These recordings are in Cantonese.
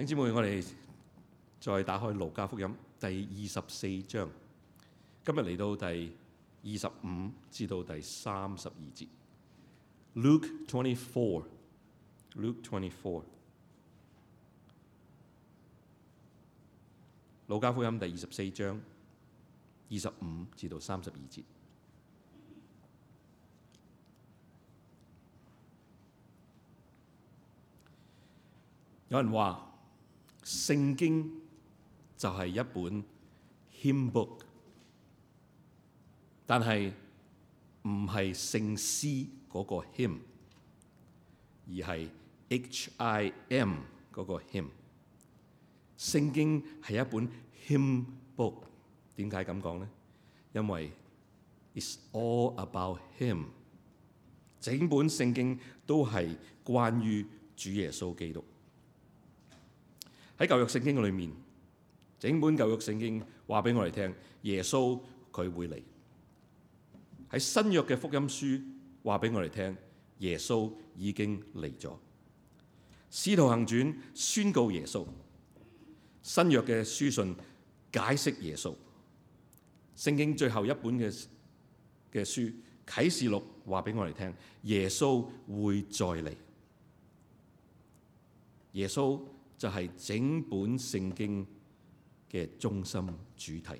弟兄姊妹，我哋再打開《路加福音》第二十四章，今日嚟到第二十五至到第三十二節。Luke twenty four，Luke twenty four，《路加福音》第二十四章，二十五至到三十二節。有人話。聖經就係一本 hymn book，但係唔係聖詩嗰個 hymn，而係 H I M 嗰個 him。聖經係一本 hymn book，點解咁講呢？因為 It's all about Him，整本聖經都係關於主耶穌基督。喺舊約聖經裏面，整本舊約聖經話俾我哋聽，耶穌佢會嚟；喺新約嘅福音書話俾我哋聽，耶穌已經嚟咗。使徒行傳宣告耶穌，新約嘅書信解釋耶穌，聖經最後一本嘅嘅書啟示錄話俾我哋聽，耶穌會再嚟。耶穌就係整本聖經嘅中心主題。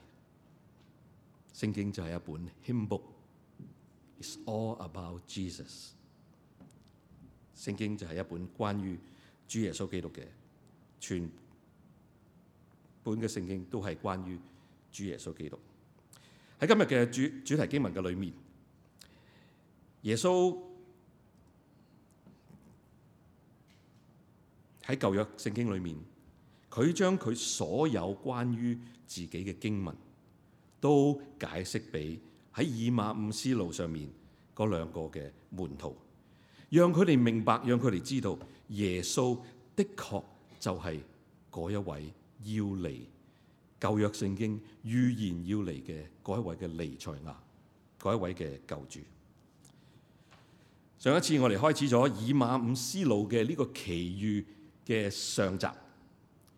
聖經就係一本 Hymn Book，It's all about Jesus。聖經就係一本關於主耶穌基督嘅，全本嘅聖經都係關於主耶穌基督。喺今日嘅主主題經文嘅裏面，耶穌。喺舊約聖經裏面，佢將佢所有關於自己嘅經文都解釋俾喺以馬午斯路上面嗰兩個嘅門徒，讓佢哋明白，讓佢哋知道耶穌的確就係嗰一位要嚟舊約聖經預言要嚟嘅嗰一位嘅彌賽亞，嗰一位嘅救主。上一次我哋開始咗以馬午斯路嘅呢個奇遇。嘅上集，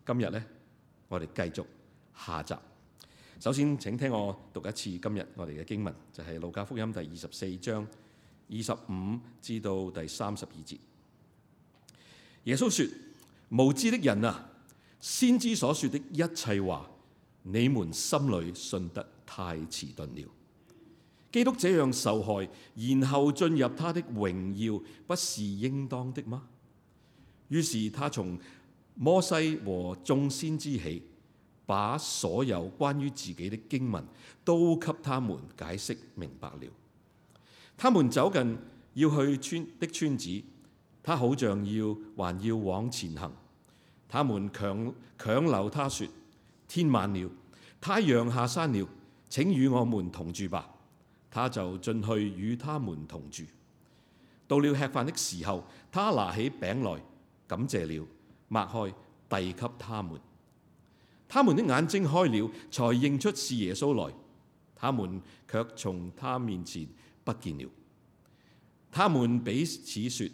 今日呢，我哋繼續下集。首先，請聽我讀一次今日我哋嘅經文，就係、是、路加福音第二十四章二十五至到第三十二節。耶穌說：無知的人啊，先知所說的一切話，你們心裏信得太遲鈍了。基督這樣受害，然後進入他的榮耀，不是應當的嗎？於是他從摩西和眾先知起，把所有關於自己的經文都給他們解釋明白了。他們走近要去村的村子，他好像要還要往前行。他們強強留他，說：天晚了，太陽下山了，請與我們同住吧。他就進去與他們同住。到了吃飯的時候，他拿起餅來。感謝了，擘開遞給他們，他們的眼睛開了，才認出是耶穌來。他們卻從他面前不見了。他們彼此說：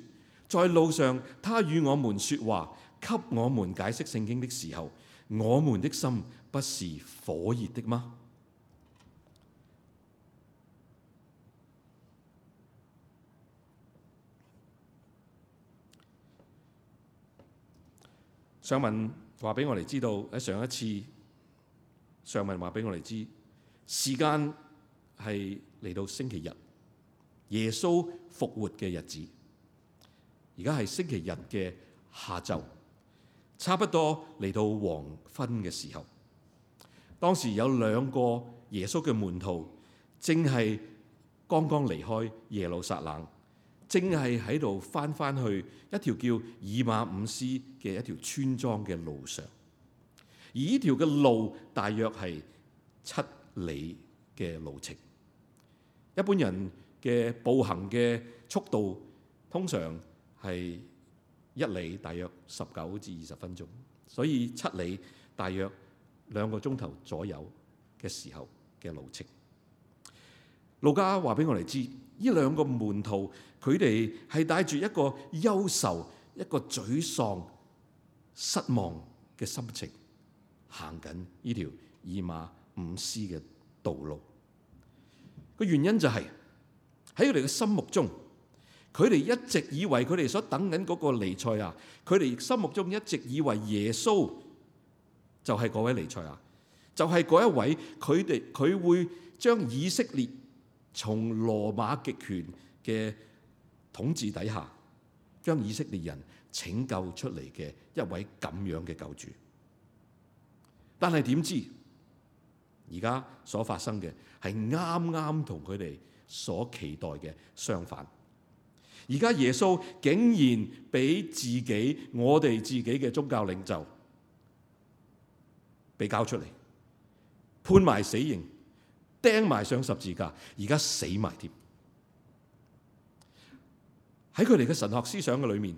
在路上，他與我們說話，給我們解釋聖經的時候，我們的心不是火熱的嗎？上文話俾我哋知道，喺上一次，上文話俾我哋知，時間係嚟到星期日，耶穌復活嘅日子。而家係星期日嘅下晝，差不多嚟到黃昏嘅時候。當時有兩個耶穌嘅門徒，正係剛剛離開耶路撒冷。正係喺度返返去一條叫以馬午斯嘅一條村莊嘅路上，而呢條嘅路大約係七里嘅路程。一般人嘅步行嘅速度通常係一里大約十九至二十分鐘，所以七里大約兩個鐘頭左右嘅時候嘅路程。路加話俾我哋知，呢兩個門徒佢哋係帶住一個憂愁、一個沮喪、失望嘅心情行緊呢條以馬午斯嘅道路。個原因就係喺佢哋嘅心目中，佢哋一直以為佢哋所等緊嗰個彌賽亞，佢哋心目中一直以為耶穌就係嗰位彌賽亞，就係嗰一位佢哋佢會將以色列。從羅馬極權嘅統治底下，將以色列人拯救出嚟嘅一位咁樣嘅救主，但係點知，而家所發生嘅係啱啱同佢哋所期待嘅相反。而家耶穌竟然俾自己，我哋自己嘅宗教領袖俾交出嚟，判埋死刑。釘埋上十字架，而家死埋添。喺佢哋嘅神學思想嘅裏面，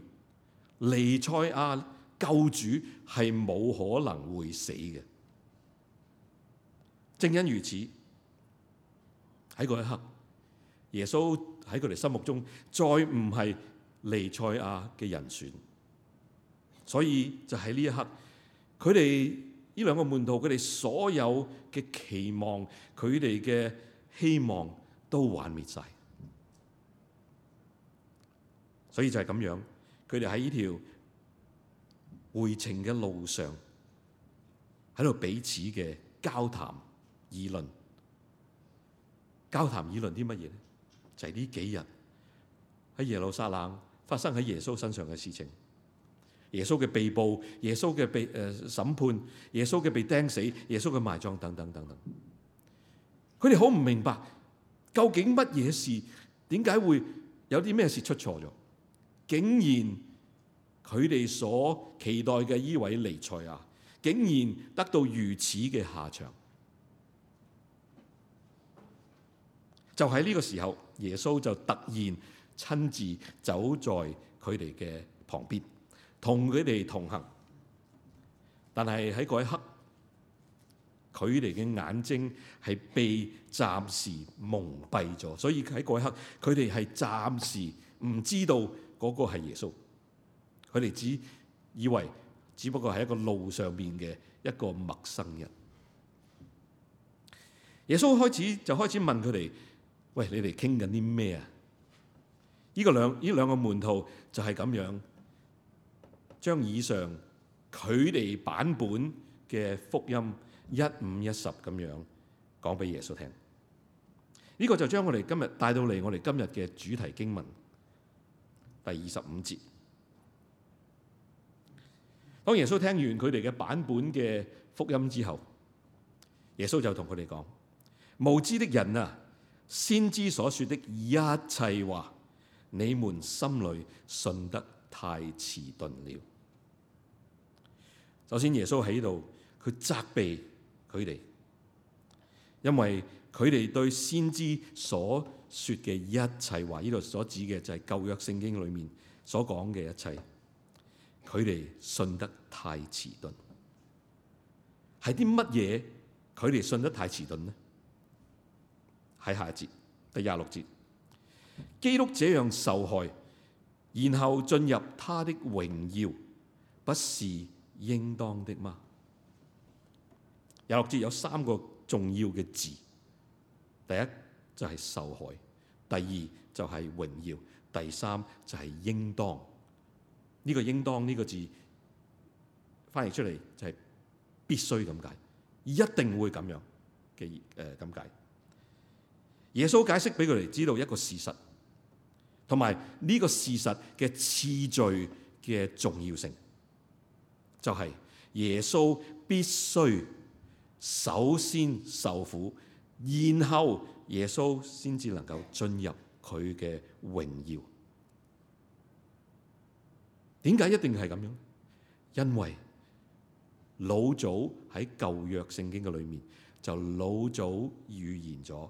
彌賽亞救主係冇可能會死嘅。正因如此，喺嗰一刻，耶穌喺佢哋心目中再唔係彌賽亞嘅人選，所以就喺呢一刻，佢哋。呢兩個門徒，佢哋所有嘅期望，佢哋嘅希望都幻滅晒，所以就係咁樣，佢哋喺呢條回程嘅路上，喺度彼此嘅交談議論，交談議論啲乜嘢咧？就係呢幾日喺耶路撒冷發生喺耶穌身上嘅事情。耶穌嘅被捕，耶穌嘅被誒、呃、審判，耶穌嘅被釘死，耶穌嘅埋葬，等等等等。佢哋好唔明白，究竟乜嘢事？點解會有啲咩事出錯咗？竟然佢哋所期待嘅呢位彌賽亞，竟然得到如此嘅下場。就喺呢個時候，耶穌就突然親自走在佢哋嘅旁邊。同佢哋同行，但係喺嗰一刻，佢哋嘅眼睛係被暫時蒙蔽咗，所以喺嗰一刻，佢哋係暫時唔知道嗰個係耶穌。佢哋只以為，只不過係一個路上面嘅一個陌生人。耶穌開始就開始問佢哋，喂，你哋傾緊啲咩啊？呢個兩呢兩個門徒就係咁樣。將以上佢哋版本嘅福音一五一十咁樣講俾耶穌聽，呢、這個就將我哋今日帶到嚟我哋今日嘅主題經文第二十五節。當耶穌聽完佢哋嘅版本嘅福音之後，耶穌就同佢哋講：無知的人啊，先知所說的一切話，你們心裏信得太遲鈍了。首先耶穌，耶穌喺度，佢責備佢哋，因為佢哋對先知所説嘅一切話，呢度所指嘅就係舊約聖經裏面所講嘅一切，佢哋、就是、信得太遲鈍。係啲乜嘢？佢哋信得太遲鈍呢？喺下一節，第廿六節，基督這樣受害，然後進入他的榮耀，不是應當的嗎？廿六節有三個重要嘅字，第一就係受害，第二就係榮耀，第三就係應當。呢、呢個應當呢個字翻譯出嚟就係必須咁解，一定會咁樣嘅誒咁解。耶穌解釋俾佢哋知道一個事實，同埋呢個事實嘅次序嘅重要性。就係耶穌必須首先受苦，然後耶穌先至能夠進入佢嘅榮耀。點解一定係咁樣？因為老早喺舊約聖經嘅裏面，就老早預言咗，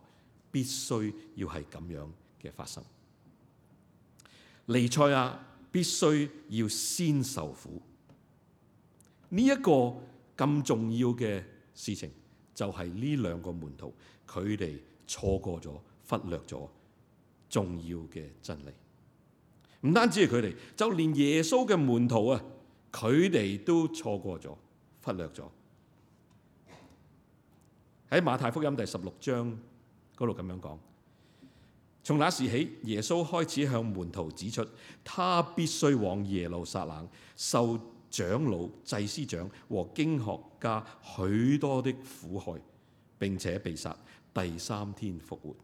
必須要係咁樣嘅發生。彌賽亞必須要先受苦。呢一個咁重要嘅事情，就係呢兩個門徒，佢哋錯過咗、忽略咗重要嘅真理。唔單止係佢哋，就連耶穌嘅門徒啊，佢哋都錯過咗、忽略咗。喺馬太福音第十六章嗰度咁樣講，從那時起，耶穌開始向門徒指出，他必須往耶路撒冷受長老、祭司長和經學家許多的苦害，並且被殺。第三天復活。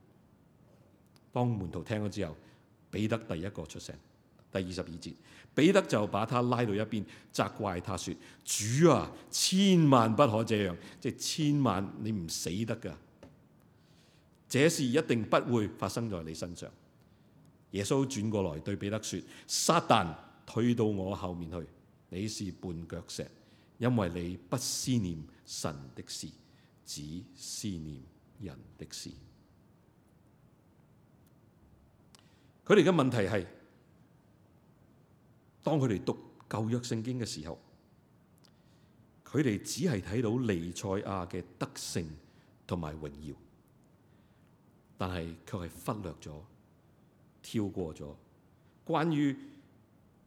當門徒聽咗之後，彼得第一個出聲。第二十二節，彼得就把他拉到一邊，責怪他說：主啊，千萬不可這樣！即千萬你唔死得噶，這事一定不會發生在你身上。耶穌轉過來對彼得說：撒旦，退到我後面去。你是絆腳石，因為你不思念神的事，只思念人的事。佢哋嘅問題係，當佢哋讀舊約聖經嘅時候，佢哋只係睇到尼賽亞嘅德性同埋榮耀，但係卻係忽略咗、跳過咗關於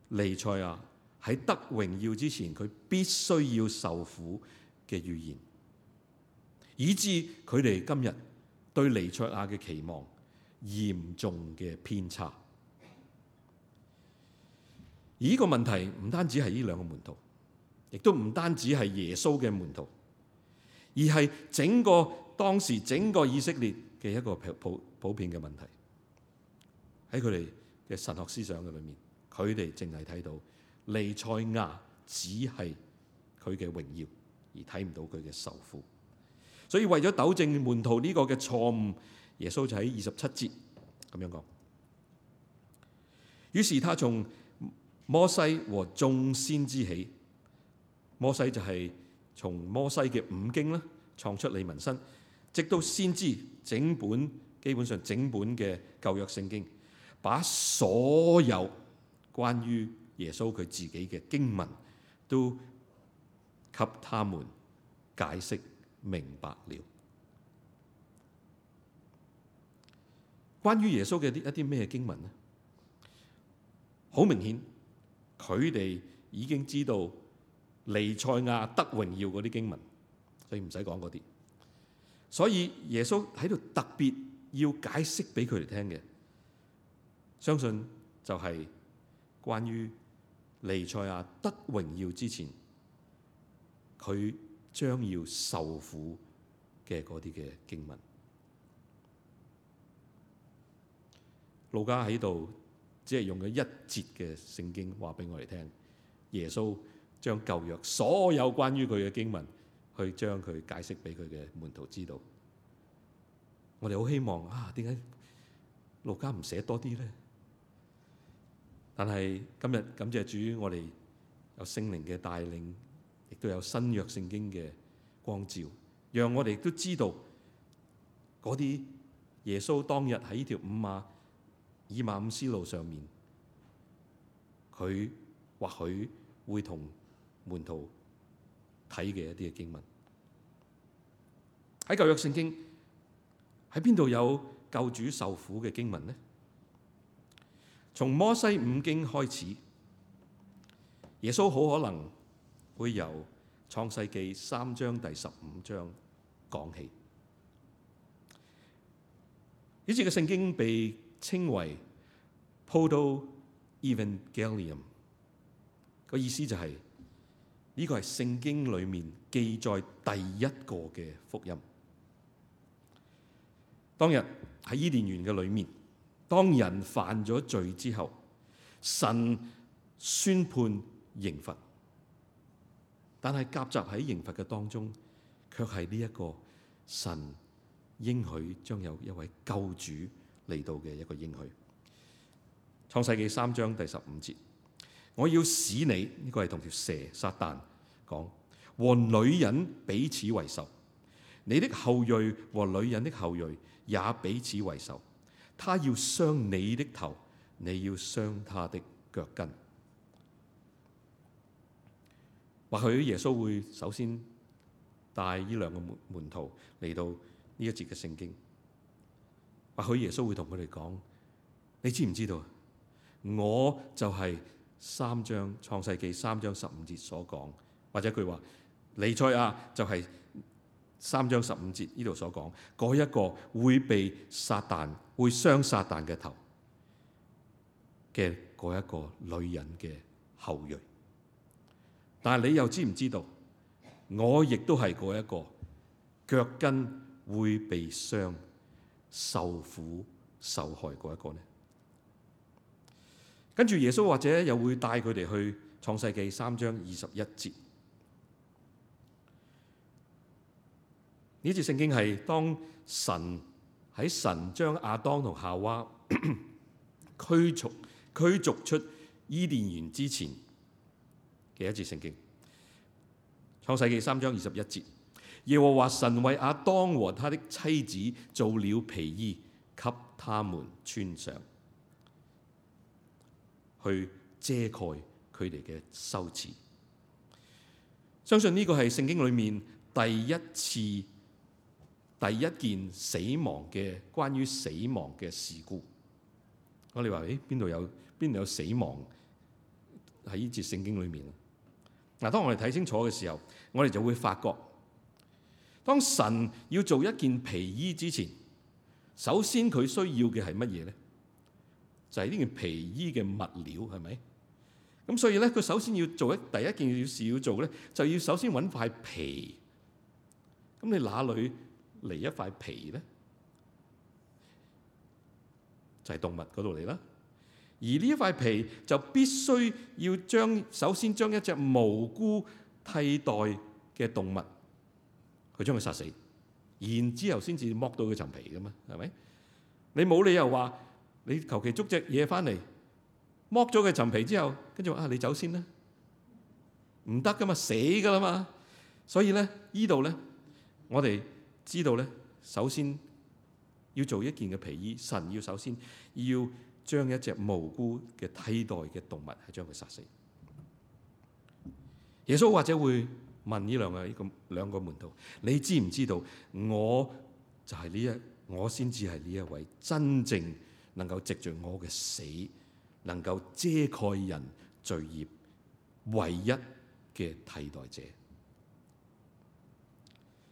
尼賽亞，喺得榮耀之前，佢必須要受苦嘅預言，以致佢哋今日對彌賽亞嘅期望嚴重嘅偏差。而呢個問題唔單止係呢兩個門徒，亦都唔單止係耶穌嘅門徒，而係整個當時整個以色列嘅一個普普普遍嘅問題。喺佢哋嘅神學思想嘅裏面，佢哋淨係睇到。彌賽亞只係佢嘅榮耀，而睇唔到佢嘅受苦。所以為咗糾正門徒呢個嘅錯誤，耶穌就喺二十七節咁樣講。於是他從摩西和眾先知起，摩西就係從摩西嘅五經啦，創出利民申，直到先知，整本基本上整本嘅舊約聖經，把所有關於耶穌佢自己嘅經文都給他們解釋明白了。關於耶穌嘅一啲咩經文呢？好明顯，佢哋已經知道彌賽亞得榮耀嗰啲經文，所以唔使講嗰啲。所以耶穌喺度特別要解釋俾佢哋聽嘅，相信就係關於。尼賽亞得榮耀之前，佢將要受苦嘅嗰啲嘅經文，路加喺度，只係用咗一節嘅聖經話俾我哋聽，耶穌將舊約所有關於佢嘅經文，去將佢解釋俾佢嘅門徒知道。我哋好希望啊，為什麼點解路加唔寫多啲呢？但係今日感謝主，我哋有聖靈嘅帶領，亦都有新約聖經嘅光照，讓我哋都知道嗰啲耶穌當日喺呢條以馬、以馬午斯路上面，佢或許會同門徒睇嘅一啲嘅經文。喺舊約聖經，喺邊度有救主受苦嘅經文呢？從摩西五經開始，耶穌好可能會由創世紀三章第十五章講起。呢次嘅聖經被稱為 Protoevangelium 個意思就係、是、呢、這個係聖經裏面記載第一個嘅福音。當日喺伊甸園嘅裏面。當人犯咗罪之後，神宣判刑罰，但係夾雜喺刑罰嘅當中，卻係呢一個神應許將有一位救主嚟到嘅一個應許。創世紀三章第十五節，我要使你呢、這個係同條蛇撒但講，和女人彼此為仇，你的後裔和女人的後裔也彼此為仇。他要傷你的頭，你要傷他的腳跟。或許耶穌會首先帶呢兩個門門徒嚟到呢一節嘅聖經。或許耶穌會同佢哋講：你知唔知道？我就係三章創世記三章十五節所講，或者一句話：彌賽亞就係、是。三章十五節呢度所講，嗰一個會被撒但會傷撒但嘅頭嘅嗰一個女人嘅後裔，但係你又知唔知道，我亦都係嗰一個腳跟會被傷、受苦、受害嗰一個呢？跟住耶穌或者又會帶佢哋去創世記三章二十一節。呢節聖經係當神喺神將亞當同夏娃 驅逐驅逐出伊甸園之前嘅一節聖經。創世紀三章二十一節，耶和華神為亞當和他的妻子做了皮衣，給他們穿上，去遮蓋佢哋嘅羞恥。相信呢個係聖經裏面第一次。第一件死亡嘅，關於死亡嘅事故。我哋話：誒，邊度有邊度有死亡喺呢節聖經裏面？嗱，當我哋睇清楚嘅時候，我哋就會發覺，當神要做一件皮衣之前，首先佢需要嘅係乜嘢咧？就係、是、呢件皮衣嘅物料係咪？咁所以咧，佢首先要做一第一件事要做咧，就要首先揾塊皮。咁你哪裏？嚟一塊皮咧，就係動物嗰度嚟啦。而呢一塊皮就必須要將首先將一隻無辜替代嘅動物，佢將佢殺死，然之後先至剝到佢層皮㗎嘛，係咪？你冇理由話你求其捉隻嘢翻嚟剝咗佢層皮之後，跟住話啊，你走先啦，唔得㗎嘛，死㗎啦嘛。所以咧，呢度咧，我哋。知道咧，首先要做一件嘅皮衣，神要首先要將一隻無辜嘅替代嘅動物係將佢殺死。耶穌或者會問呢兩個呢、呢個兩個門徒：你知唔知道我就係呢一，我先至係呢一位真正能夠藉著我嘅死能夠遮蓋人罪孽唯一嘅替代者。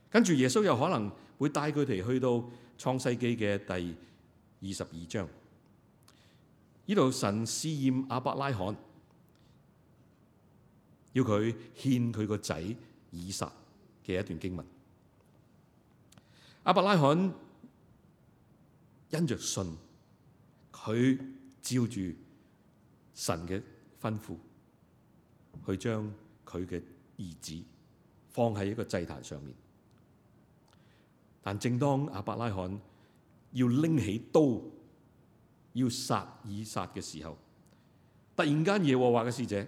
跟住耶穌有可能會帶佢哋去到創世記嘅第二十二章，呢度神試驗亞伯拉罕，要佢獻佢個仔以撒嘅一段經文。亞伯拉罕因着信，佢照住神嘅吩咐，去將佢嘅兒子放喺一個祭壇上面。但正當亞伯拉罕要拎起刀要殺以撒嘅時候，突然間耶和華嘅使者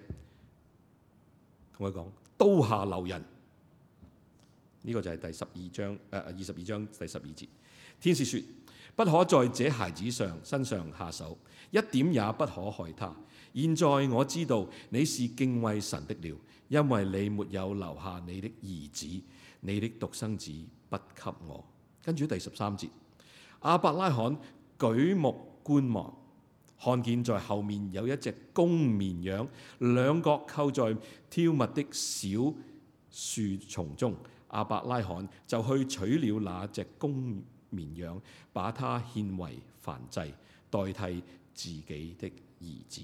同佢講：刀下留人。呢、這個就係第十二章，誒、呃、二十二章第十二節，天使說：不可在這孩子上身上下手，一點也不可害他。現在我知道你是敬畏神的了，因為你沒有留下你的兒子，你的獨生子不給我。跟住第十三節，亞伯拉罕舉目觀望，看見在後面有一隻公綿羊，兩角扣在稠密的小樹叢中。亞伯拉罕就去取了那隻公綿羊，把它獻為燔祭，代替自己的兒子。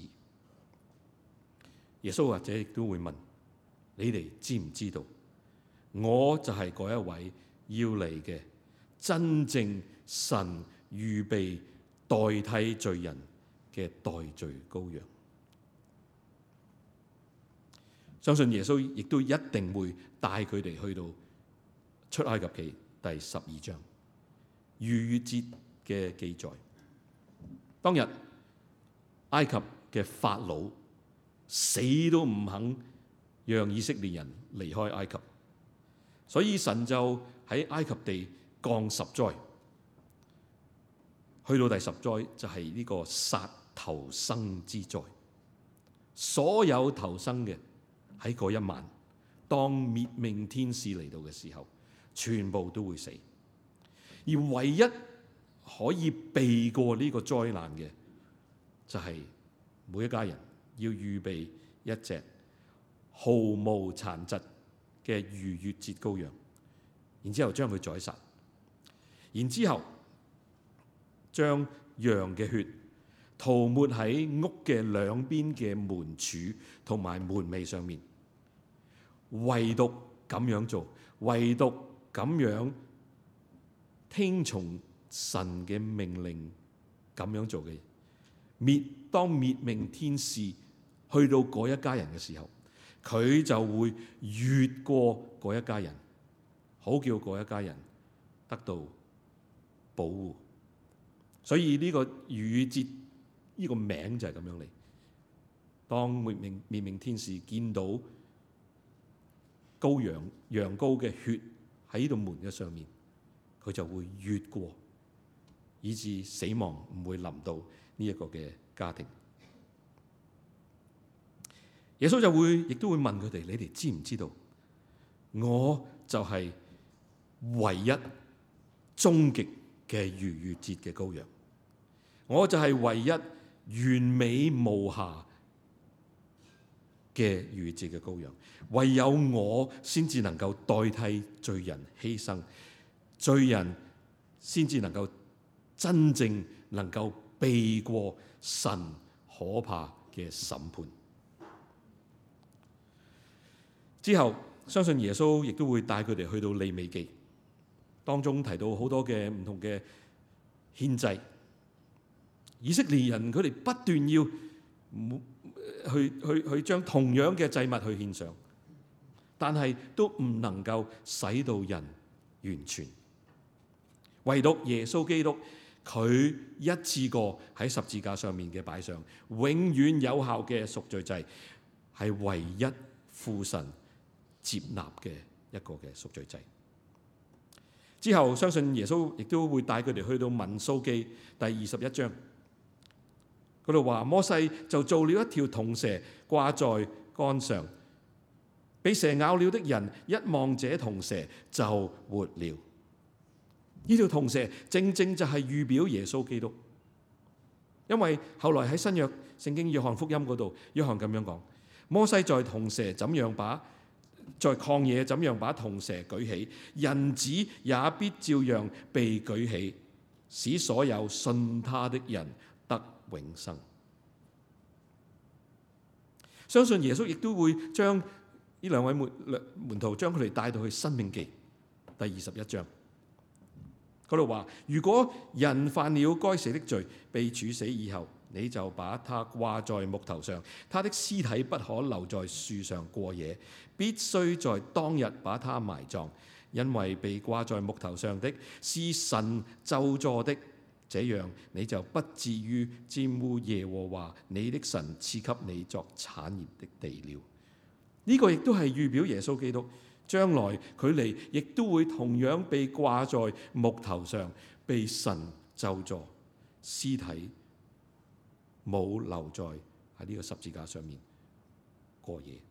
耶穌或者亦都會問：你哋知唔知道？我就係嗰一位要嚟嘅真正神預備代替罪人嘅代罪羔羊。相信耶穌亦都一定會帶佢哋去到出埃及記第十二章逾越節嘅記載。當日埃及嘅法老，死都唔肯讓以色列人離開埃及，所以神就喺埃及地降十災，去到第十災就係呢個殺頭生之災。所有頭生嘅，喺嗰一晚，當滅命天使嚟到嘅時候，全部都會死。而唯一可以避過呢個災難嘅，就係每一家人。要預備一隻毫無殘疾嘅逾越節羔羊，然之後將佢宰殺，然之後將羊嘅血塗抹喺屋嘅兩邊嘅門柱同埋門楣上面。唯獨咁樣做，唯獨咁樣聽從神嘅命令咁樣做嘅，滅當滅命天使。去到嗰一家人嘅時候，佢就會越過嗰一家人，好叫嗰一家人得到保護。所以呢個逾越節呢個名就係咁樣嚟。當滅命滅命天使見到羔羊羊羔嘅血喺度門嘅上面，佢就會越過，以致死亡唔會臨到呢一個嘅家庭。耶穌就會亦都會問佢哋：你哋知唔知道？我就係唯一終極嘅逾越節嘅羔羊，我就係唯一完美無瑕嘅逾越節嘅羔羊，唯有我先至能夠代替罪人犧牲，罪人先至能夠真正能夠避過神可怕嘅審判。之後，相信耶穌亦都會帶佢哋去到利未記，當中提到好多嘅唔同嘅獻祭，以色列人佢哋不斷要去去去將同樣嘅祭物去獻上，但係都唔能夠使到人完全。唯獨耶穌基督，佢一次過喺十字架上面嘅擺上，永遠有效嘅贖罪祭，係唯一父神接納嘅一個嘅贖罪祭，之後相信耶穌亦都會帶佢哋去到民數記第二十一章，嗰度話摩西就做了一條銅蛇掛在杆上，俾蛇咬了的人一望這銅蛇就活了。呢條銅蛇正正就係預表耶穌基督，因為後來喺新約聖經約翰福音嗰度，約翰咁樣講，摩西在銅蛇怎樣把。在曠野，怎樣把銅蛇舉起？人子也必照樣被舉起，使所有信他的人得永生。相信耶穌亦都會將呢兩位門徒將佢哋帶到去《申命記》第二十一章嗰度話：「如果人犯了該死的罪，被處死以後，你就把他掛在木頭上，他的屍體不可留在樹上過夜。必須在當日把它埋葬，因為被掛在木頭上的，是神咒詛的。這樣你就不至於玷污耶和華你的神賜給你作產業的地了。呢個亦都係預表耶穌基督將來佢嚟，亦都會同樣被掛在木頭上，被神咒詛。屍體冇留在喺呢個十字架上面過夜。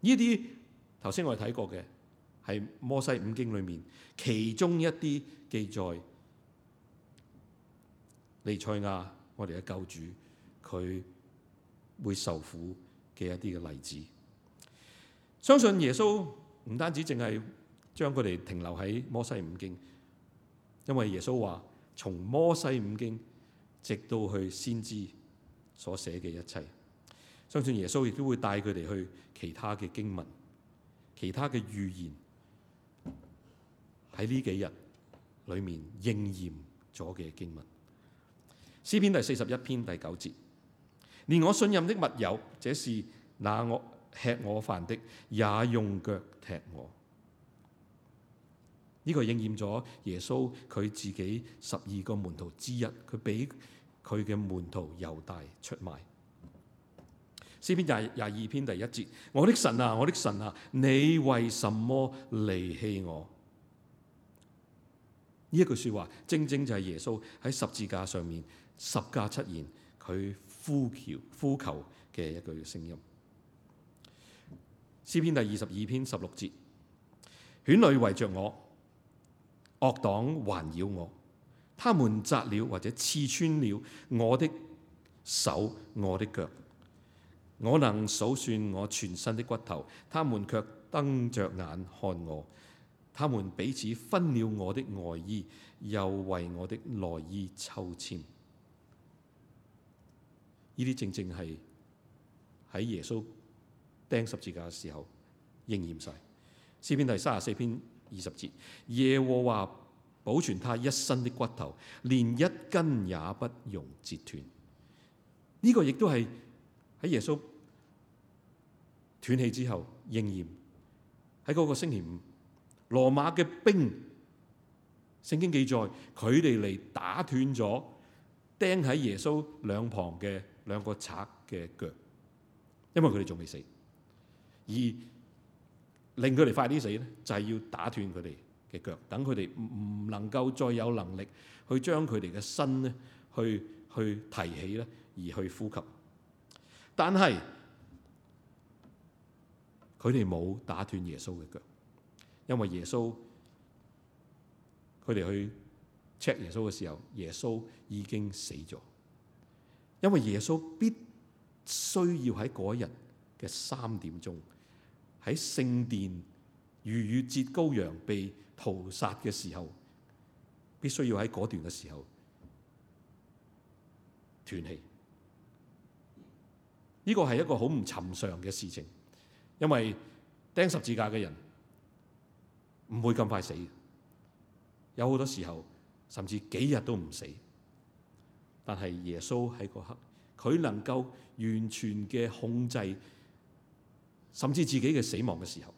呢啲頭先我哋睇過嘅，係摩西五經裏面其中一啲記載彌賽亞我哋嘅救主佢會受苦嘅一啲嘅例子，相信耶穌唔單止淨係將佢哋停留喺摩西五經，因為耶穌話從摩西五經直到去先知所寫嘅一切。相信耶穌亦都會帶佢哋去其他嘅經文、其他嘅預言，喺呢幾日裏面應驗咗嘅經文。詩篇第四十一篇第九節：連我信任的密友，這是那我吃我飯的，也用腳踢我。呢個應驗咗耶穌佢自己十二個門徒之一，佢俾佢嘅門徒猶大出賣。詩篇廿廿二篇第一節，我的神啊，我的神啊，你為什麼離棄我？呢一句說話，正正就係耶穌喺十字架上面十架七言，佢呼叫、呼求嘅一句聲音。詩篇第二十二篇十六節，犬類圍着我，惡黨環繞我，他們扎了或者刺穿了我的手、我的腳。我能數算我全身的骨頭，他們卻瞪着眼看我。他們彼此分了我的外衣，又為我的內衣抽簽。呢啲正正係喺耶穌釘十字架嘅時候，應驗晒詩篇第三十四篇二十節：耶和華保存他一身的骨頭，連一根也不容折斷。呢、這個亦都係。喺耶穌斷氣之後，仍然喺嗰個星期五，羅馬嘅兵，聖經記載佢哋嚟打斷咗釘喺耶穌兩旁嘅兩個賊嘅腳，因為佢哋仲未死，而令佢哋快啲死咧，就係要打斷佢哋嘅腳，等佢哋唔能夠再有能力去將佢哋嘅身咧，去去提起咧，而去呼吸。但係佢哋冇打斷耶穌嘅腳，因為耶穌佢哋去 check 耶穌嘅時候，耶穌已經死咗。因為耶穌必須要喺嗰一日嘅三點鐘喺聖殿逾越節羔羊被屠殺嘅時候，必須要喺嗰段嘅時候斷氣。呢個係一個好唔尋常嘅事情，因為釘十字架嘅人唔會咁快死，有好多時候甚至幾日都唔死。但係耶穌喺嗰刻，佢能夠完全嘅控制，甚至自己嘅死亡嘅時候，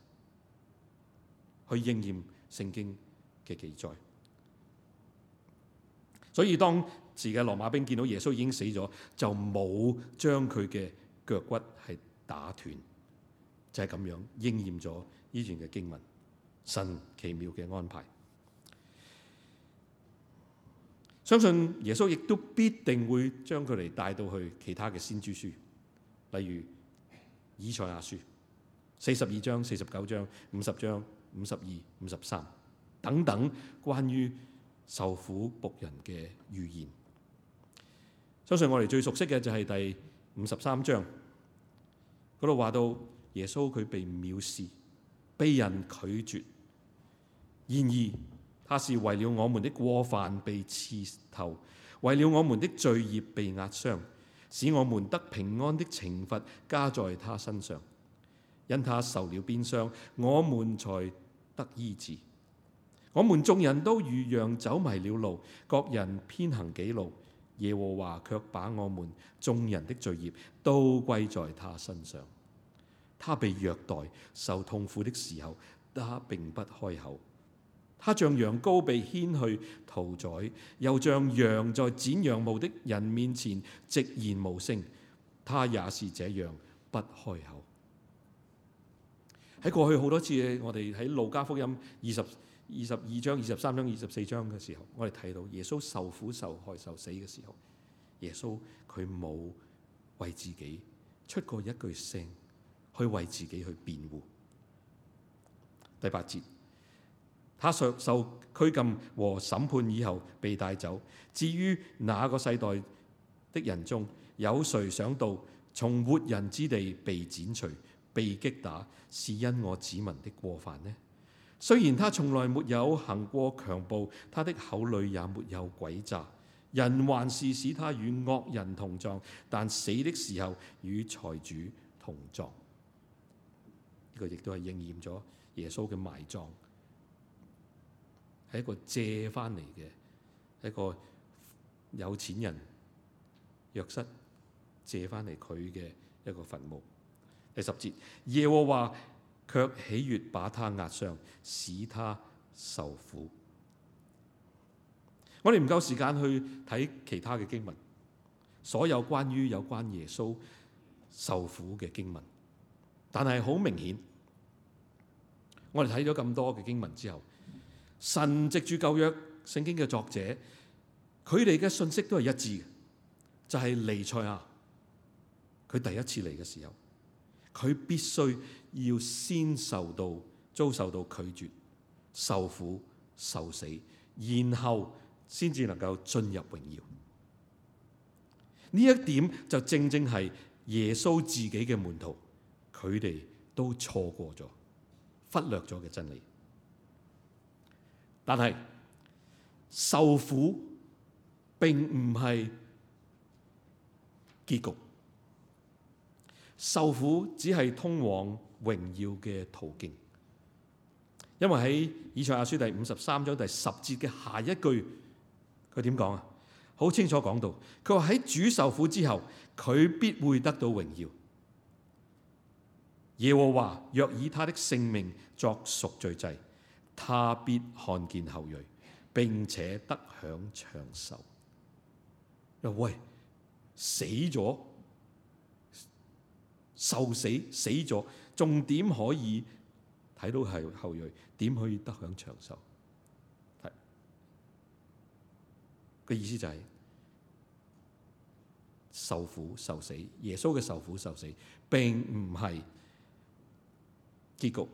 去應驗聖經嘅記載。所以當時嘅羅馬兵見到耶穌已經死咗，就冇將佢嘅。腳骨係打斷，就係咁樣應驗咗以前嘅經文，神奇妙嘅安排。相信耶穌亦都必定會將佢哋帶到去其他嘅先知書，例如以賽亞書四十二章、四十九章、五十章、五十二、五十三等等，關於受苦僕人嘅預言。相信我哋最熟悉嘅就係第五十三章。嗰度話到，耶穌佢被藐視，被人拒絕，然而他是為了我們的過犯被刺透，為了我們的罪孽被壓傷，使我們得平安的懲罰加在他身上，因他受了鞭傷，我們才得醫治。我們眾人都如羊走迷了路，各人偏行己路。耶和華卻把我們眾人的罪孽都歸在他身上。他被虐待、受痛苦的時候，他並不開口。他像羊羔被牽去屠宰，又像羊在剪羊毛的人面前寂然無聲。他也是這樣不開口。喺過去好多次，我哋喺《路加福音》二十。二十二章、二十三章、二十四章嘅時候，我哋睇到耶穌受苦、受害、受死嘅時候，耶穌佢冇為自己出過一句聲，去為自己去辯護。第八節，他上受拘禁和審判以後被帶走。至於那個世代的人中，有誰想到從活人之地被剪除、被擊打，是因我子民的過犯呢？雖然他從來沒有行過強暴，他的口裡也沒有詭詐，人還是使他與惡人同葬，但死的時候與財主同葬。呢、這個亦都係應驗咗耶穌嘅埋葬，係一個借翻嚟嘅一個有錢人約瑟借翻嚟佢嘅一個墳墓。第十節，耶和華。卻喜悦把他壓傷，使他受苦。我哋唔夠時間去睇其他嘅經文，所有關於有關耶穌受苦嘅經文。但係好明顯，我哋睇咗咁多嘅經文之後，神籍住舊約聖經嘅作者，佢哋嘅信息都係一致嘅，就係、是、彌賽亞，佢第一次嚟嘅時候。佢必須要先受到遭受到拒絕、受苦、受死，然後先至能夠進入榮耀。呢一點就正正係耶穌自己嘅門徒，佢哋都錯過咗、忽略咗嘅真理。但係受苦並唔係結局。受苦只係通往榮耀嘅途徑，因為喺《以賽亞書》第五十三章第十節嘅下一句，佢點講啊？好清楚講到，佢話喺主受苦之後，佢必會得到榮耀。耶和華若以他的性命作贖罪祭，他必看見後裔，並且得享長壽。啊喂，死咗！受死死咗，重點可以睇到係後裔？點可以得享長壽？係嘅意思就係、是、受苦受死，耶穌嘅受苦受死並唔係結局，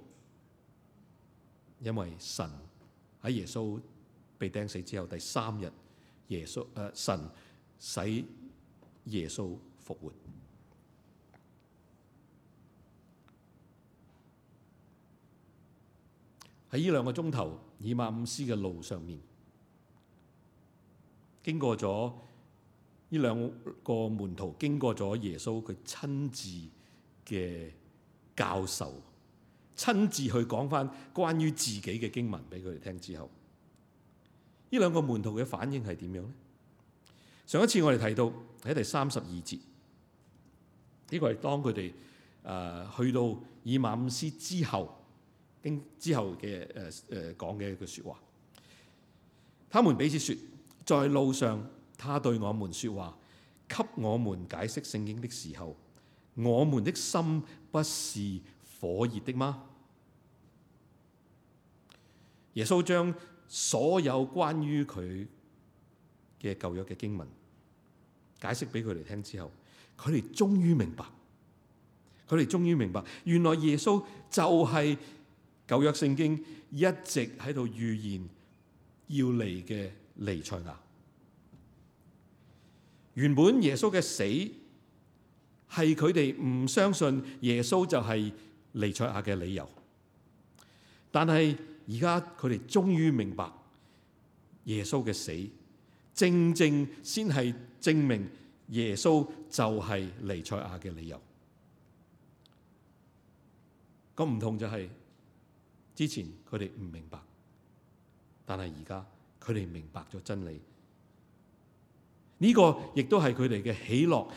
因為神喺耶穌被釘死之後第三日，耶穌誒、呃、神使耶穌復活。喺呢兩個鐘頭以馬忤斯嘅路上面，經過咗呢兩個門徒，經過咗耶穌佢親自嘅教授，親自去講翻關於自己嘅經文俾佢哋聽之後，呢兩個門徒嘅反應係點樣咧？上一次我哋提到喺第三十二節，呢、這個係當佢哋誒去到以馬忤斯之後。經之後嘅誒誒講嘅一句説話，他們彼此説，在路上他對我們説話，給我們解釋聖經的時候，我們的心不是火熱的嗎？耶穌將所有關於佢嘅舊約嘅經文解釋俾佢哋聽之後，佢哋終於明白，佢哋終於明白，原來耶穌就係、是。舊約聖經一直喺度預言要嚟嘅彌賽亞。原本耶穌嘅死係佢哋唔相信耶穌就係彌賽亞嘅理由，但係而家佢哋終於明白耶穌嘅死正正先係證明耶穌就係彌賽亞嘅理由。噉唔同就係、是。之前佢哋唔明白，但係而家佢哋明白咗真理。呢個亦都係佢哋嘅喜樂，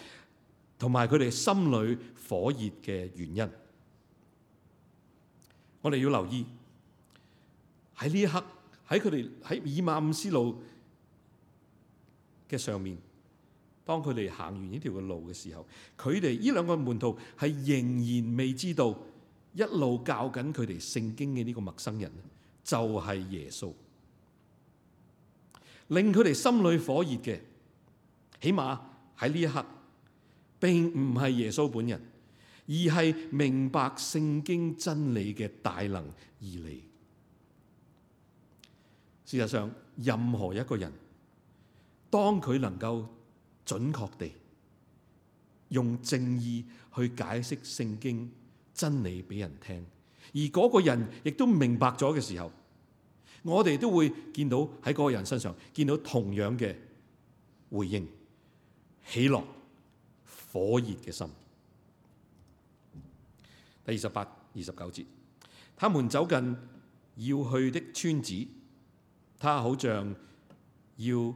同埋佢哋心裏火熱嘅原因。我哋要留意喺呢一刻，喺佢哋喺以馬午斯路嘅上面，當佢哋行完呢條嘅路嘅時候，佢哋呢兩個門徒係仍然未知道。一路教緊佢哋聖經嘅呢個陌生人，就係耶穌，令佢哋心裏火熱嘅，起碼喺呢一刻，並唔係耶穌本人，而係明白聖經真理嘅大能而嚟。事實上，任何一個人，當佢能夠準確地用正義去解釋聖經。真理俾人聽，而嗰個人亦都明白咗嘅時候，我哋都會見到喺嗰個人身上見到同樣嘅回應，喜樂、火熱嘅心。第二十八、二十九節，他們走近要去的村子，他好像要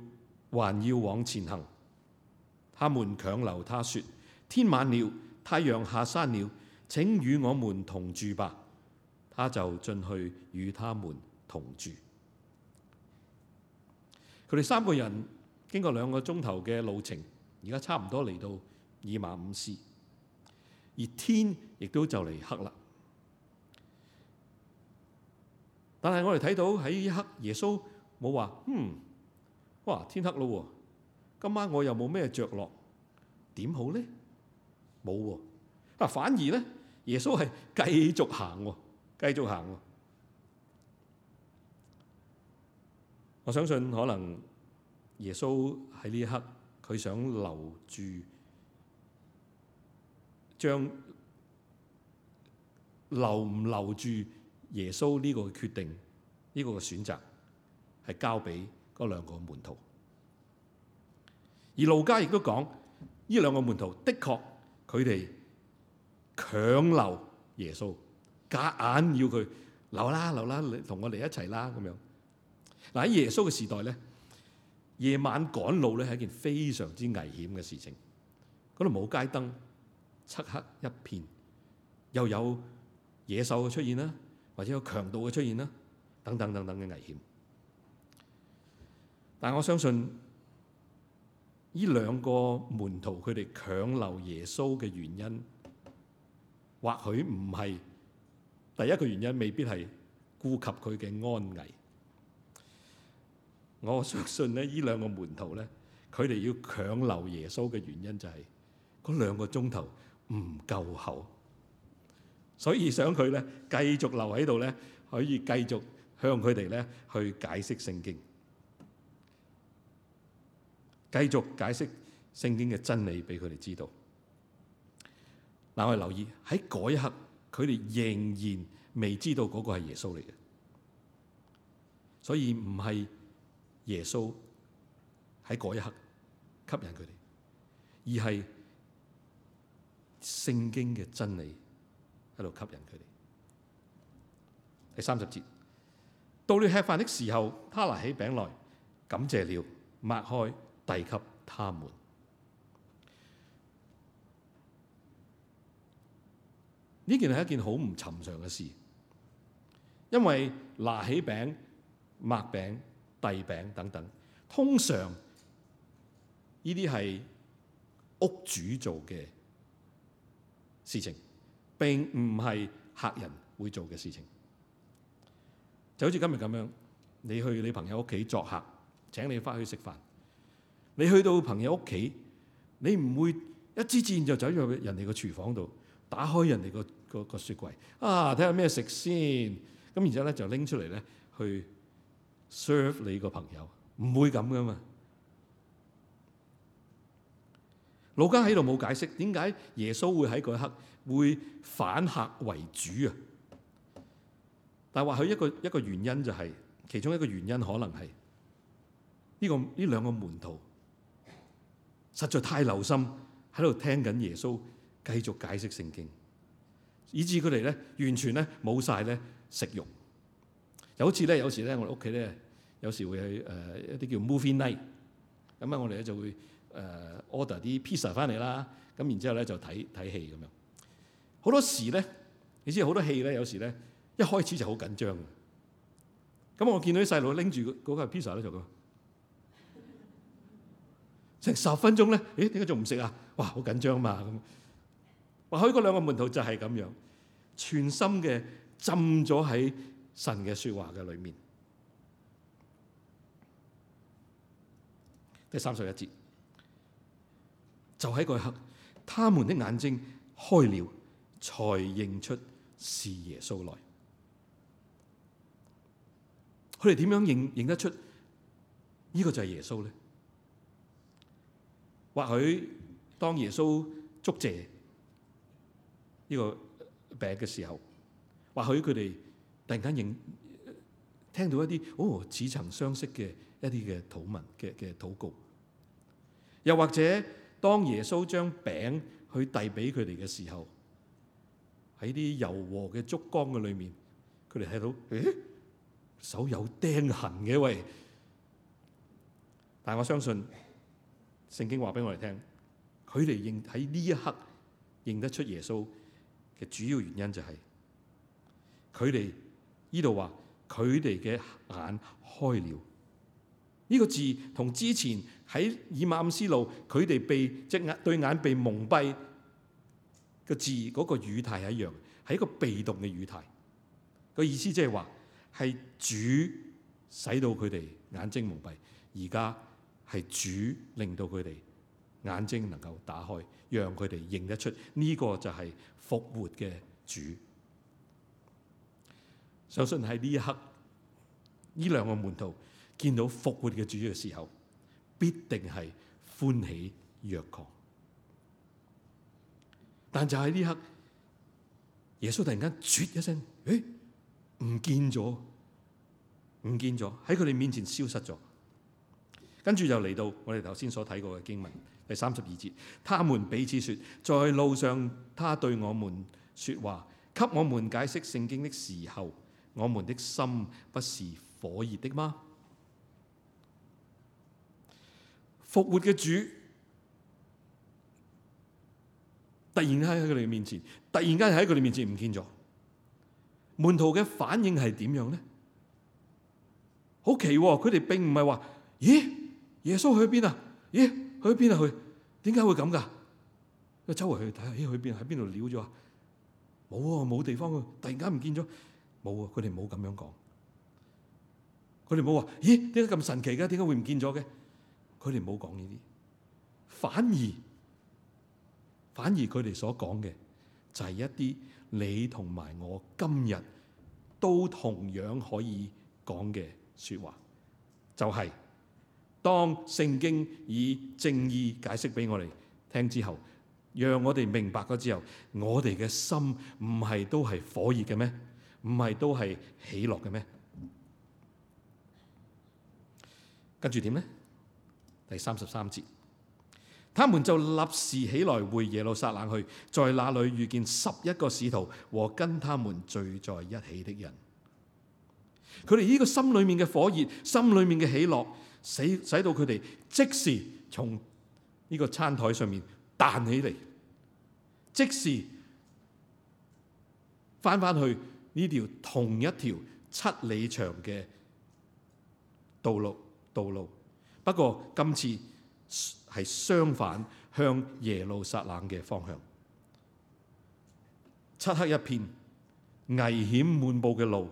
還要往前行，他們強留他說：天晚了，太陽下山了。請與我們同住吧。他就進去與他們同住。佢哋三個人經過兩個鐘頭嘅路程，而家差唔多嚟到以馬午斯，而天亦都就嚟黑啦。但係我哋睇到喺一黑，耶穌冇話：嗯，哇，天黑啦喎，今晚我又冇咩着落，點好呢？冇喎，啊，反而咧。耶穌係繼續行，繼續行。我相信可能耶穌喺呢一刻佢想留住，將留唔留住耶穌呢個決定呢、呢個選擇，係交俾嗰兩個門徒。而路加亦都講，呢兩個門徒的確佢哋。強留耶穌，夾硬要佢留啦，留啦，同我哋一齊啦咁樣。嗱，喺耶穌嘅時代咧，夜晚趕路咧係一件非常之危險嘅事情。嗰度冇街燈，漆黑一片，又有野獸嘅出現啦，或者有強盜嘅出現啦，等等等等嘅危險。但係我相信呢兩個門徒佢哋強留耶穌嘅原因。或許唔係第一個原因，未必係顧及佢嘅安危。我相信咧，呢兩個門徒咧，佢哋要強留耶穌嘅原因就係嗰兩個鐘頭唔夠厚，所以想佢咧繼續留喺度咧，可以繼續向佢哋咧去解釋聖經，繼續解釋聖經嘅真理俾佢哋知道。嗱，我哋留意喺嗰一刻，佢哋仍然未知道嗰個係耶穌嚟嘅，所以唔係耶穌喺嗰一刻吸引佢哋，而係聖經嘅真理喺度吸引佢哋。第三十節，到了吃飯的時候，他拿起餅來，感謝了，擘開，遞給他們。呢件係一件好唔尋常嘅事，因為拿起餅、擘餅、遞餅，餅等等，通常呢啲係屋主做嘅事情，並唔係客人會做嘅事情。就好似今日咁樣，你去你朋友屋企作客，請你翻去食飯，你去到朋友屋企，你唔會一支箭就走咗入人哋嘅廚房度。打開人哋個個個雪櫃啊，睇下咩食先。咁然之後咧就拎出嚟咧去 serve 你個朋友，唔會咁噶嘛。路加喺度冇解釋點解耶穌會喺嗰刻會反客為主啊。但係或許一個一個原因就係，其中一個原因可能係呢個呢兩個門徒實在太留心喺度聽緊耶穌。繼續解釋聖經，以致佢哋咧完全咧冇晒咧食慾。又好似咧有時咧我哋屋企咧有時會去誒、呃、一啲叫 movie night，咁、嗯、啊我哋咧就會誒、呃、order 啲 pizza 翻嚟啦，咁然之後咧就睇睇戲咁樣。好多時咧，你知好多戲咧有時咧一開始就好緊張。咁、嗯、我見到啲細路拎住嗰個 pizza 咧就咁，成 十分鐘咧，誒點解仲唔食啊？哇，好緊張嘛咁。或許嗰兩個門徒就係咁樣，全心嘅浸咗喺神嘅說話嘅裏面。第三十一節，就喺嗰刻，他們的眼睛開了，才認出是耶穌來。佢哋點樣認認得出呢個就係耶穌咧？或許當耶穌祝謝。呢個餅嘅時候，或許佢哋突然間認聽到一啲哦似曾相識嘅一啲嘅禱文嘅嘅禱告，又或者當耶穌將餅去遞俾佢哋嘅時候，喺啲柔和嘅燭光嘅裏面，佢哋睇到誒手有釘痕嘅喂，但係我相信聖經話俾我哋聽，佢哋認喺呢一刻認得出耶穌。嘅主要原因就係佢哋呢度話，佢哋嘅眼開了，呢、這個字同之前喺以馬忤斯路佢哋被隻眼對眼被蒙蔽個字嗰、那個語態係一樣，係一個被動嘅語態、那個意思即係話係主使到佢哋眼睛蒙蔽，而家係主令到佢哋眼睛能夠打開。讓佢哋認得出呢個就係復活嘅主。相信喺呢一刻，呢兩個門徒見到復活嘅主嘅時候，必定係歡喜若狂。但就喺呢刻，耶穌突然間啜一聲，誒、哎，唔見咗，唔見咗，喺佢哋面前消失咗。跟住就嚟到我哋頭先所睇過嘅經文第三十二節，他們彼此説：在路上，他對我們説話，給我們解釋聖經的時候，我們的心不是火熱的嗎？復活嘅主突然間喺佢哋面前，突然間喺佢哋面前唔見咗，門徒嘅反應係點樣呢？好奇喎，佢哋並唔係話，咦？耶穌去邊啊？咦，去邊啊？去？點解會咁噶周圍去睇下，咦，去邊？喺邊度撩咗啊？冇啊，冇地方啊！突然間唔見咗，冇啊！佢哋冇咁樣講，佢哋冇話，咦？點解咁神奇噶點解會唔見咗嘅？佢哋冇講呢啲，反而反而佢哋所講嘅就係一啲你同埋我今日都同樣可以講嘅說話，就係、是。當聖經以正義解釋俾我哋聽之後，讓我哋明白咗之後，我哋嘅心唔係都係火熱嘅咩？唔係都係喜樂嘅咩？跟住點呢？第三十三節，他們就立時起來回耶路撒冷去，在那裏遇見十一個使徒和跟他們聚在一起的人。佢哋呢個心裏面嘅火熱，心裏面嘅喜樂。使使到佢哋即時從呢個餐台上面彈起嚟，即時返返去呢條同一條七里長嘅道路道路，不過今次係相反向耶路撒冷嘅方向，漆黑一片、危險滿佈嘅路，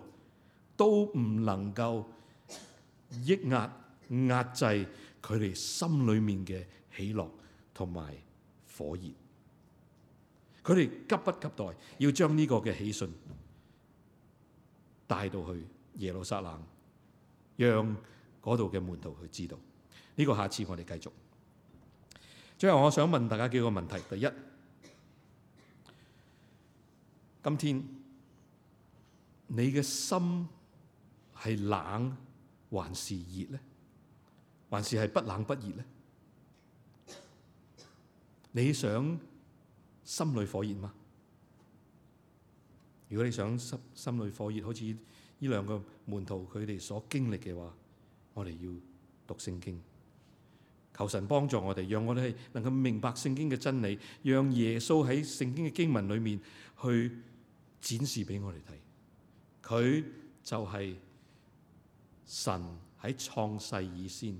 都唔能夠抑壓。壓制佢哋心裏面嘅喜樂同埋火熱，佢哋急不及待要將呢個嘅喜訊帶到去耶路撒冷，讓嗰度嘅門徒去知道。呢、這個下次我哋繼續。最後我想問大家幾個問題：第一，今天你嘅心係冷還是熱呢？還是係不冷不熱呢？你想心裏火熱嗎？如果你想心心裏火熱，好似呢兩個門徒佢哋所經歷嘅話，我哋要讀聖經，求神幫助我哋，讓我哋能夠明白聖經嘅真理，讓耶穌喺聖經嘅經文裏面去展示俾我哋睇，佢就係神喺創世以先。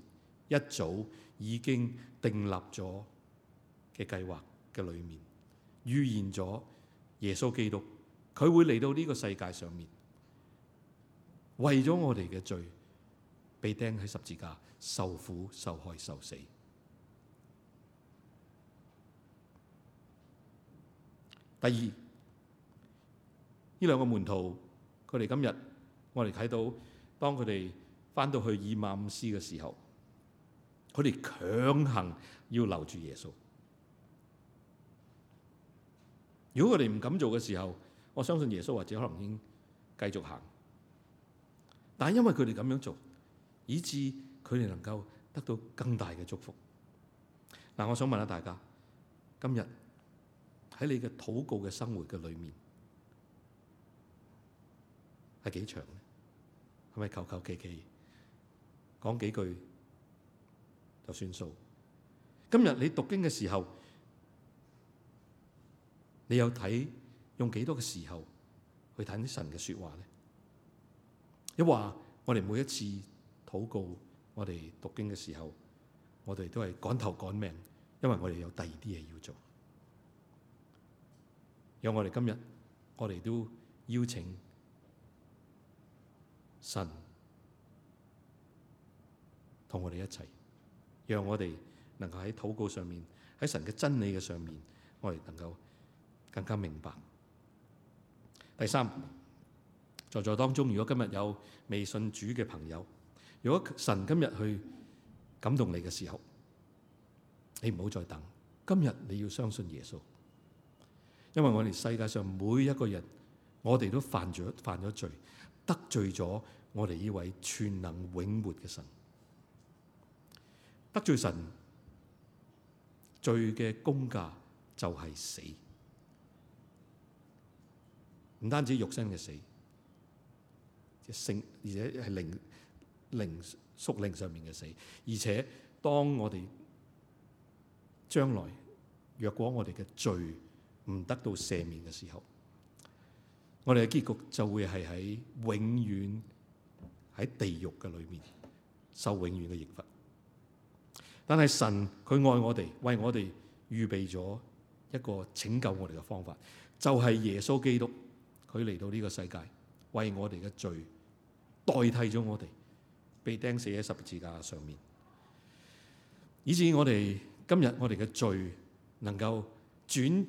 一早已經訂立咗嘅計劃嘅裏面，預言咗耶穌基督，佢會嚟到呢個世界上面，為咗我哋嘅罪，被釘喺十字架，受苦、受害、受死。第二，呢兩個門徒佢哋今日我哋睇到，當佢哋返到去以馬午斯嘅時候。佢哋強行要留住耶穌。如果佢哋唔敢做嘅時候，我相信耶穌或者可能已經繼續行。但係因為佢哋咁樣做，以致佢哋能夠得到更大嘅祝福。嗱、呃，我想問下大家，今日喺你嘅禱告嘅生活嘅裏面係幾長咧？係咪求求其其講幾句？就算數。今日你讀經嘅時候，你有睇用幾多嘅時候去睇啲神嘅說話咧？一話我哋每一次禱告，我哋讀經嘅時候，我哋都係趕頭趕命，因為我哋有第二啲嘢要做。有我哋今日，我哋都邀請神同我哋一齊。讓我哋能夠喺禱告上面，喺神嘅真理嘅上面，我哋能夠更加明白。第三，在座當中，如果今日有未信主嘅朋友，如果神今日去感動你嘅時候，你唔好再等，今日你要相信耶穌，因為我哋世界上每一個人，我哋都犯咗犯咗罪，得罪咗我哋呢位全能永活嘅神。得罪神，罪嘅工價就係死，唔單止肉身嘅死，即係而且係靈靈屬靈上面嘅死。而且當我哋將來若果我哋嘅罪唔得到赦免嘅時候，我哋嘅結局就會係喺永遠喺地獄嘅裏面受永遠嘅刑罰。但係神佢愛我哋，為我哋預備咗一個拯救我哋嘅方法，就係耶穌基督佢嚟到呢個世界，為我哋嘅罪代替咗我哋，被釘死喺十字架上面，以致我哋今日我哋嘅罪能夠轉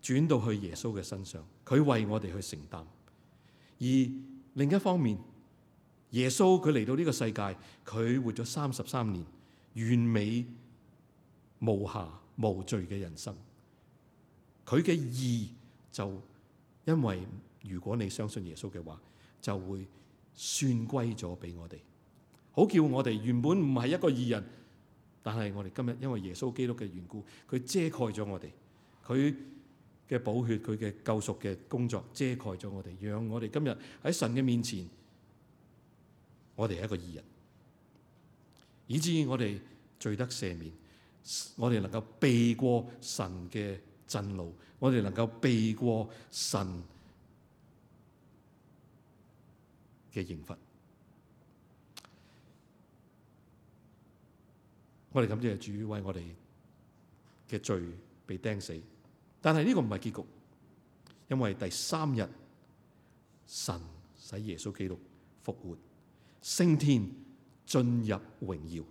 轉到去耶穌嘅身上，佢為我哋去承擔。而另一方面，耶穌佢嚟到呢個世界，佢活咗三十三年。.完美無瑕、無罪嘅人生，佢嘅義就因為，如果你相信耶穌嘅話，就會算歸咗俾我哋，好叫我哋原本唔係一個義人，但係我哋今日因為耶穌基督嘅緣故，佢遮蓋咗我哋，佢嘅補血、佢嘅救贖嘅工作遮蓋咗我哋，讓我哋今日喺神嘅面前，我哋係一個義人。以至於我哋罪得赦免，我哋能夠避過神嘅震怒，我哋能夠避過神嘅刑罰。我哋感謝主為我哋嘅罪被釘死，但係呢個唔係結局，因為第三日神使耶穌基督復活，升天。進入榮耀，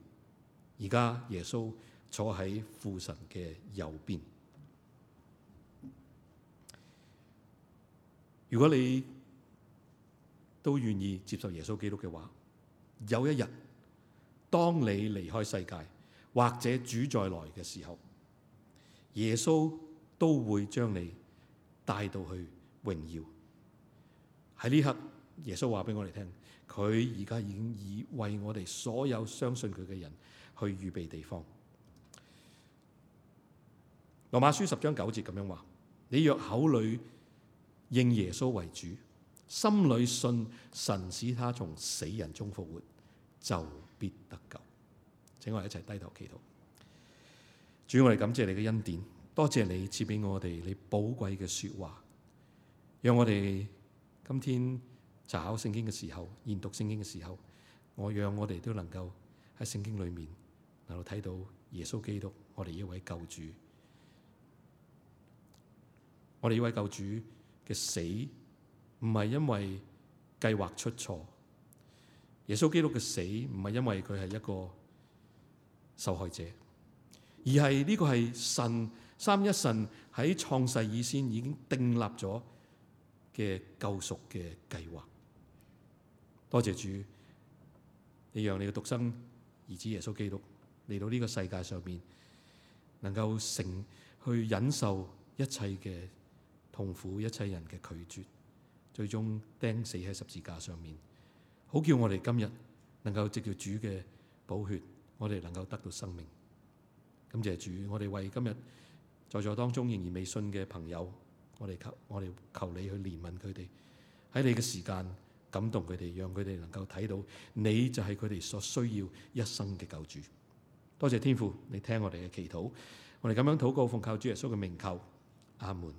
而家耶穌坐喺父神嘅右邊。如果你都願意接受耶穌基督嘅話，有一日當你離開世界或者主再來嘅時候，耶穌都會將你帶到去榮耀。喺呢刻，耶穌話俾我哋聽。佢而家已經以為我哋所有相信佢嘅人去預備地方。羅馬書十章九節咁樣話：你若口裏認耶穌為主，心裏信神使他從死人中復活，就必得救。請我哋一齊低頭祈禱。主，我哋感謝你嘅恩典，多謝你賜俾我哋你寶貴嘅說話，讓我哋今天。查考聖經嘅時候，研讀聖經嘅時候，我讓我哋都能夠喺聖經裏面能夠睇到耶穌基督，我哋呢位救主，我哋呢位救主嘅死唔係因為計劃出錯，耶穌基督嘅死唔係因為佢係一個受害者，而係呢、呢個係神三一神喺創世以先已經定立咗嘅救贖嘅計劃。多謝主，你讓你嘅獨生兒子耶穌基督嚟到呢個世界上面，能夠承去忍受一切嘅痛苦，一切人嘅拒絕，最終釘死喺十字架上面，好叫我哋今日能夠藉住主嘅寶血，我哋能夠得到生命。感謝主，我哋為今日在座當中仍然未信嘅朋友，我哋求我哋求你去憐憫佢哋喺你嘅時間。感動佢哋，讓佢哋能夠睇到，你就係佢哋所需要一生嘅救主。多謝天父，你聽我哋嘅祈禱，我哋咁樣禱告，奉靠主耶穌嘅名求，阿門。